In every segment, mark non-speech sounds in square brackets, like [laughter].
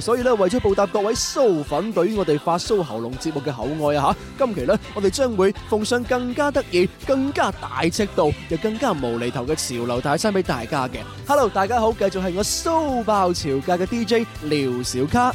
所以咧，為咗報答各位騷粉對於我哋發騷喉嚨節目嘅厚愛啊，吓，今期咧，我哋將會奉上更加得意、更加大尺度又更加無厘頭嘅潮流大餐俾大家嘅。Hello，大家好，繼續係我騷爆潮界嘅 DJ 廖小卡。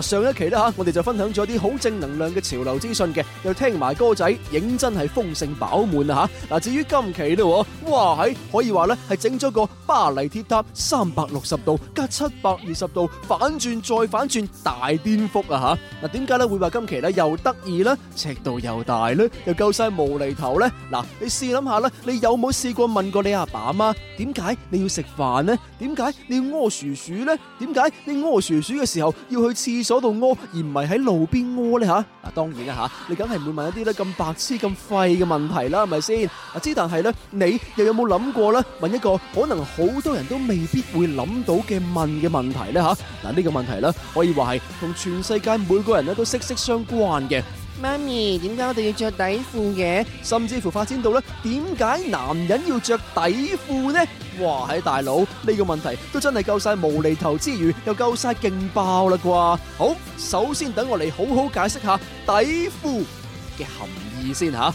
上一期咧吓，我哋就分享咗啲好正能量嘅潮流資訊嘅，又聽埋歌仔，認真係豐盛飽滿啊吓！嗱，至於今期咧，哇係可以話咧係整咗個巴黎鐵塔三百六十度加七百二十度反轉再反轉大顛覆啊吓！嗱，點解咧會話今期咧又得意咧，尺度又大咧，又夠晒無厘頭咧？嗱，你試諗下咧，你有冇試過問過你阿爸阿媽，點解你要食飯咧？點解你要屙鼠鼠咧？點解你屙鼠鼠嘅時候要去廁？坐到屙，而唔係喺路邊屙咧吓，嗱，當然啦吓，你梗係唔會問一啲咧咁白痴、咁廢嘅問題啦，係咪先？之但係咧，你又有冇諗過咧？問一個可能好多人都未必會諗到嘅問嘅問題咧吓，嗱、這、呢個問題咧，可以話係同全世界每個人咧都息息相關嘅。媽咪，點解我哋要着底褲嘅？甚至乎發展到咧，點解男人要着底褲呢？哇！喺大佬，呢個問題都真係夠晒無厘頭之餘，又夠晒勁爆啦！啩。好，首先等我嚟好好解釋下底褲嘅含義先吓。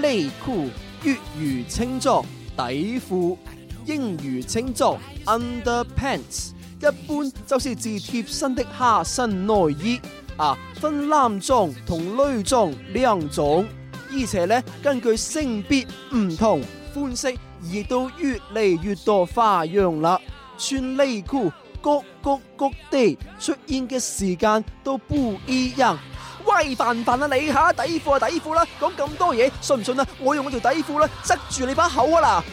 內褲粵語稱作底褲，英語稱作 [music] underpants。一般就是自貼身的下身內衣啊，分男裝同女裝兩種，而且咧根據性別唔同款式，亦都越嚟越多花樣啦。穿內褲各國各地出現嘅時間都不一樣。喂，煩煩啊,啊,啊，你下底褲啊底褲啦，講咁多嘢，信唔信啊？我用我條底褲啦、啊，塞住你把口啊啦！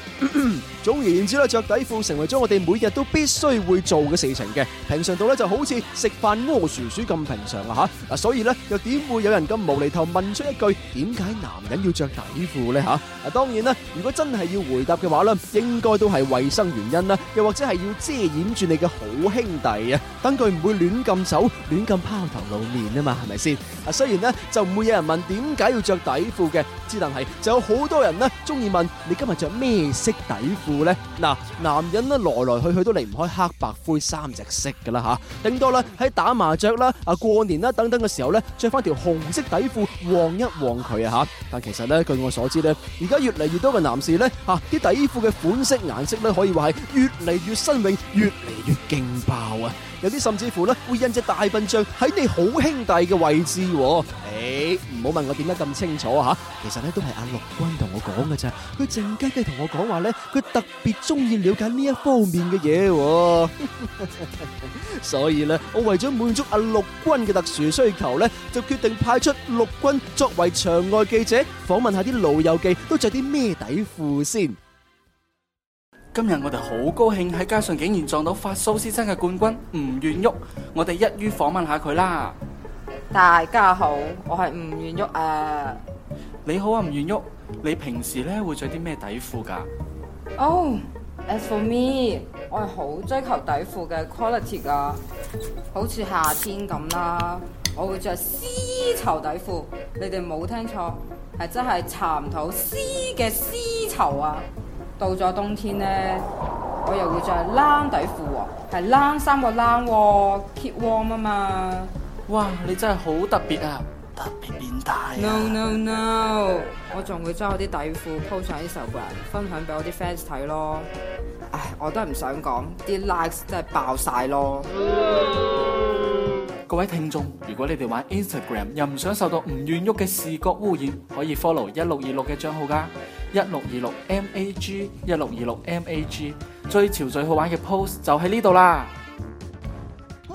總而言之咧，着底褲成為咗我哋每日都必須會做嘅事情嘅，平常到咧就好似食飯屙屎屎咁平常啊吓。嗱，所以咧又點會有人咁無厘頭問出一句點解男人要着底褲咧吓？嗱，當然啦，如果真係要回答嘅話咧，應該都係衛生原因啦，又或者係要遮掩住你嘅好兄弟啊，等佢唔會亂咁走，亂咁拋頭露面啊嘛，係咪先？啊，雖然咧就唔會有人問點解要着底褲嘅，之但係就有好多人咧中意問你今日着咩色？底褲咧，嗱，男人咧來來去去都離唔開黑白灰三隻色噶啦吓，頂多啦喺，打麻雀啦，啊過年啦等等嘅時候咧，着翻條紅色底褲旺一旺佢啊吓。但其實咧，據我所知咧，而家越嚟越多嘅男士咧，吓啲底褲嘅款式、顏色咧，可以話係越嚟越新穎、越嚟越勁爆啊！有啲甚至乎咧會印隻大笨象喺你好兄弟嘅位置。誒，唔好問我點解咁清楚吓，其實咧都係阿陸軍同我講嘅啫，佢靜雞雞同我講話。咧佢特別中意了解呢一方面嘅嘢，所以咧我為咗滿足阿陸軍嘅特殊需求咧，就決定派出陸軍作為場外記者訪問下啲老友記都着啲咩底褲先。今日我哋好高興喺街上竟然撞到發蘇先生嘅冠軍吳遠旭，我哋一於訪問下佢啦。大家好，我係吳遠旭啊。你好啊，吳遠旭，你平時咧會着啲咩底褲㗎？哦、oh，as for me，我係好追求底褲嘅 quality 噶，好似夏天咁啦，我會着絲綢底褲，你哋冇聽錯，係真係蠶吐絲嘅絲綢啊！到咗冬天咧，我又會着冷底褲喎，係冷衫個冷喎，啊，keep warm 啊嘛！哇，你真係好特別啊！特別變態。No no no，我仲會將我啲底褲鋪上 Instagram，分享俾我啲 fans 睇咯。唉，我都係唔想講，啲 likes 真係爆晒咯、嗯。各位聽眾，如果你哋玩 Instagram 又唔想受到唔願喐嘅視覺污染，可以 follow 一六二六嘅賬號噶，一六二六 mag，一六二六 mag，最潮最好玩嘅 post 就喺呢度啦。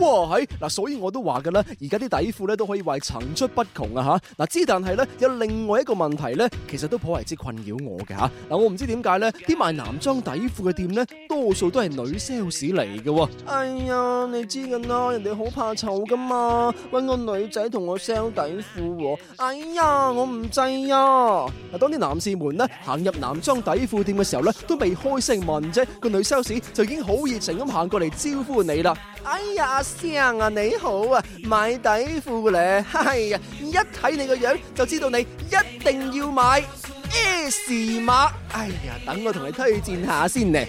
哇係嗱，所以我都話噶啦，而家啲底褲咧都可以話層出不窮啊吓嗱，之但係咧，有另外一個問題咧，其實都頗為之困擾我嘅吓嗱，我唔知點解咧，啲賣男裝底褲嘅店咧，多數都係女 sales 嚟嘅喎。哎呀，你知噶啦，人哋好怕醜噶嘛，搵個女仔同我 sell 底褲，哎呀，我唔制啊！嗱，當啲男士們咧行入男裝底褲店嘅時候咧，都未開聲問啫，個女 sales 就已經好熱情咁行過嚟招呼你啦。哎呀！生啊，你好啊，買底褲咧？係呀，一睇你個樣就知道你一定要買 S 碼，哎呀，等我同你推薦下先咧。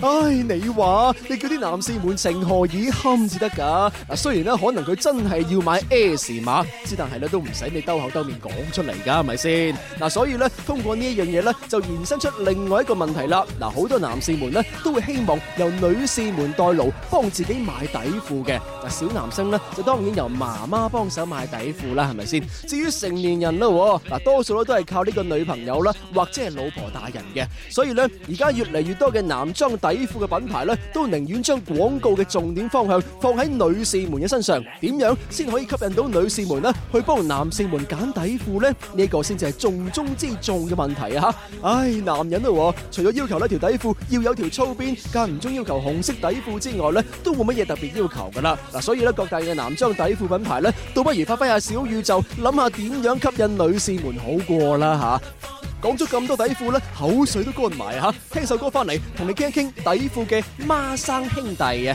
唉，你話你叫啲男士們情何以堪至得噶？嗱，雖然咧可能佢真係要買 S 碼，之但係咧都唔使你兜口兜面講出嚟噶，係咪先？嗱，所以咧通過呢一樣嘢，咧就延伸出另外一個問題啦。嗱，好多男士們咧都會希望由女士們代勞幫自己買底褲嘅。嗱，小男生咧就當然由媽媽幫手買底褲啦，係咪先？至於成年人咯，嗱，多數咧都係靠呢個女朋友啦，或者係老婆大人嘅。所以咧，而家越嚟越多嘅男裝。底褲嘅品牌咧，都寧願將廣告嘅重點方向放喺女士們嘅身上，點樣先可以吸引到女士們咧，去幫男士們揀底褲呢？呢個先至係重中之重嘅問題啊！唉，男人咯，除咗要求呢條底褲要有條粗邊，間唔中要求紅色底褲之外呢，都冇乜嘢特別要求噶啦。嗱，所以咧，各大嘅男裝底褲品牌咧，倒不如發揮下小宇宙，諗下點樣吸引女士們好過啦，吓。講咗咁多底褲咧，口水都乾埋嚇。聽首歌翻嚟，同你傾一傾底褲嘅孖生兄弟嘅。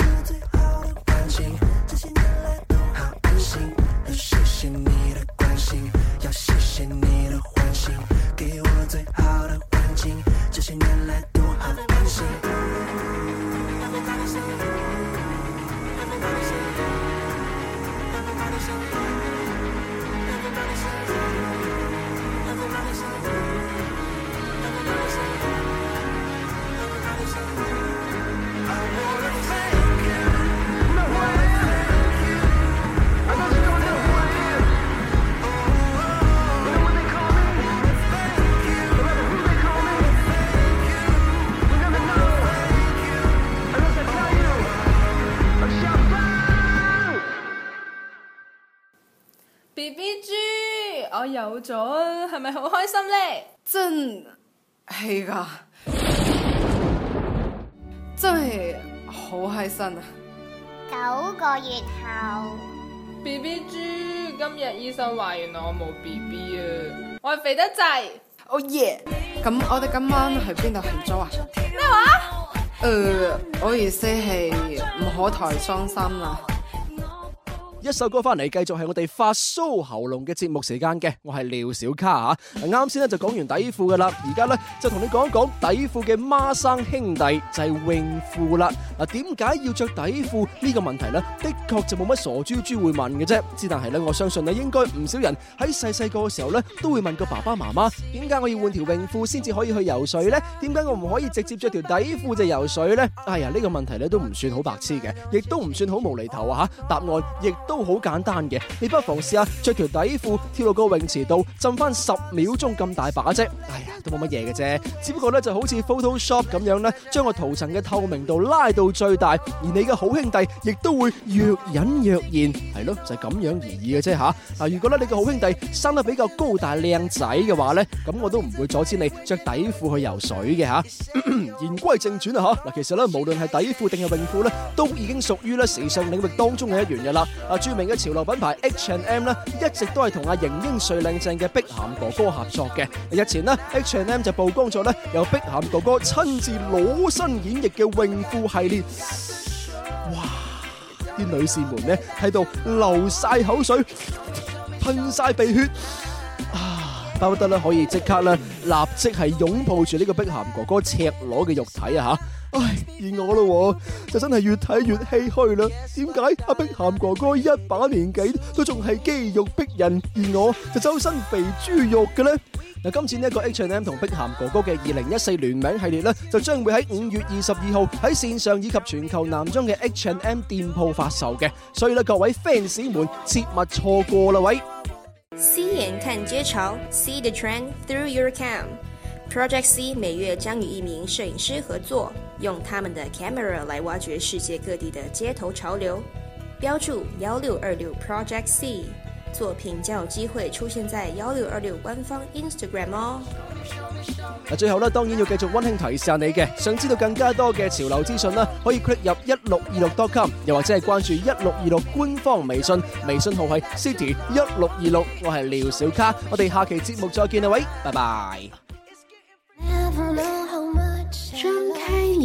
有咗係咪好開心咧？真係噶，真係好開心啊！九個月後，B B 豬今日醫生話原來我冇 B B 啊，我係肥得滯。哦耶！咁我哋今晚去邊度慶祝啊？咩話？誒、呃，我意思係唔可太傷心啦。一首歌翻嚟，繼續係我哋發酥喉嚨嘅節目時間嘅，我係廖小卡啊！啱先咧就講完底褲噶啦，而家咧就同你講講底褲嘅孖生兄弟就係泳褲啦。嗱，點解要着底褲呢個問題呢，的確就冇乜傻豬豬會問嘅啫。只係咧，我相信呢應該唔少人喺細細個嘅時候咧，都會問個爸爸媽媽：「點解我要換條泳褲先至可以去游水呢？點解我唔可以直接着條底褲就游水呢？」哎呀，呢個問題咧都唔算好白痴嘅，亦都唔算好無厘頭啊！吓，答案亦，都好簡單嘅，你不妨試下着條底褲跳到個泳池度浸翻十秒鐘咁大把啫。哎呀，都冇乜嘢嘅啫，只不過咧就好似 Photoshop 咁樣咧，將個圖層嘅透明度拉到最大，而你嘅好兄弟亦都會若隱若現，係咯，就係咁樣而已嘅啫吓。嗱，如果咧你嘅好兄弟生得比較高大靚仔嘅話咧，咁我都唔會阻止你着底褲去游水嘅吓。言歸正傳啊吓，嗱，其實咧無論係底褲定係泳褲咧，都已經屬於咧時尚領域當中嘅一員嘅啦。啊。著名嘅潮流品牌 H and M 咧，一直都係同阿型英帥靚正嘅碧咸哥哥合作嘅。日前咧，H and M 就曝光咗咧，由碧咸哥哥親自裸身演繹嘅泳褲系列，哇！啲女士們咧喺度流晒口水，噴晒鼻血啊！巴不得咧可以即刻咧立即係擁抱住呢個碧咸哥哥赤裸嘅肉體啊！吓～唉，而我咯就真係越睇越唏噓啦。點解阿碧咸哥哥一把年紀都仲係肌肉逼人，而我就周身肥豬肉嘅呢？嗱，今次呢一個 H and M 同碧咸哥哥嘅二零一四聯名系列呢，就將會喺五月二十二號喺線上以及全球男裝嘅 H and M 店鋪發售嘅。所以呢，各位 fans 們切勿錯過啦，喂。Project C 每月將與一名攝影師合作，用他們的 camera 來挖掘世界各地的街頭潮流。標註幺六二六 Project C 作品將有機會出現在幺六二六官方 Instagram 哦。最後呢，當然要繼續溫馨提示下你嘅，想知道更加多嘅潮流資訊啦，可以 click 入一六二六 dot com，又或者係關注一六二六官方微信，微信號係 City 一六二六。我係廖小卡，我哋下期節目再見啦，喂，拜拜。